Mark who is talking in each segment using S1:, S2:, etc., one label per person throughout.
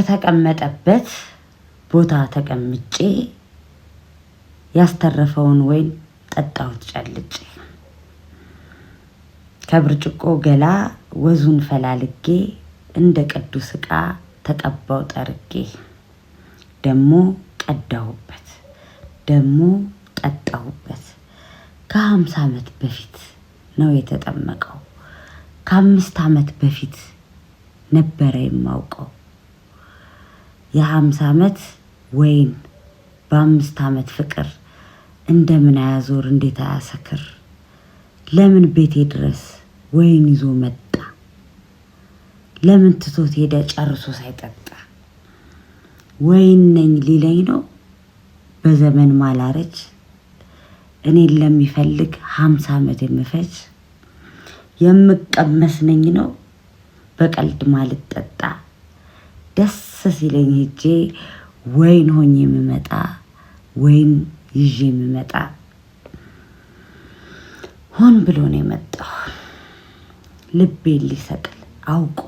S1: ከተቀመጠበት ቦታ ተቀምጬ ያስተረፈውን ወይን ጠጣሁት ጨልጬ። ከብርጭቆ ገላ ወዙን ፈላልጌ እንደ ቅዱስ ዕቃ ተቀባው ጠርጌ። ደሞ ቀዳሁበት ደሞ ጠጣሁበት። ከሀምሳ ዓመት በፊት ነው የተጠመቀው። ከአምስት ዓመት በፊት ነበረ የማውቀው። የሀምሳ ዓመት ወይን በአምስት ዓመት ፍቅር እንደምን አያዞር እንዴት አያሰክር ለምን ቤቴ ድረስ ወይን ይዞ መጣ ለምን ትቶት ሄደ ጨርሶ ሳይጠጣ ወይን ነኝ ሊለኝ ነው በዘመን ማላረጅ እኔን ለሚፈልግ ሀምሳ ዓመት የምፈጅ የምቀመስ ነኝ ነው በቀልድ ማልጠጣ ደስ ሲለኝ ሄጄ ወይን ሆኜ የምመጣ ወይን ይዤ የምመጣ ሆን ብሎ ነው የመጣው። ልቤን ሊሰቅል አውቆ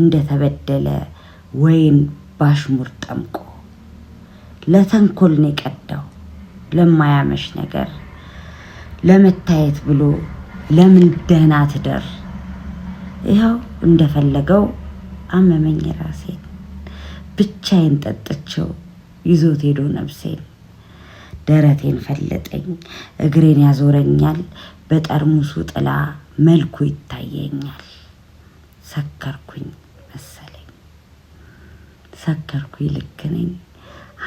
S1: እንደተበደለ ወይን ባሽሙር ጠምቆ ለተንኮል ነው የቀዳው ለማያመሽ ነገር ለመታየት ብሎ ለምን ደህና ትደር ይኸው እንደፈለገው አመመኝ ራሴን ብቻዬን ጠጥቼው ይዞት ሄዶ ነብሴን ደረቴን ፈለጠኝ እግሬን ያዞረኛል በጠርሙሱ ጥላ መልኩ ይታየኛል። ሰከርኩኝ መሰለኝ ሰከርኩኝ ልክ ነኝ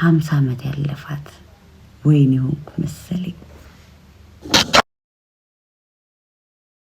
S1: ሀምሳ ዓመት ያለፋት ወይን የሆንኩ መሰለኝ።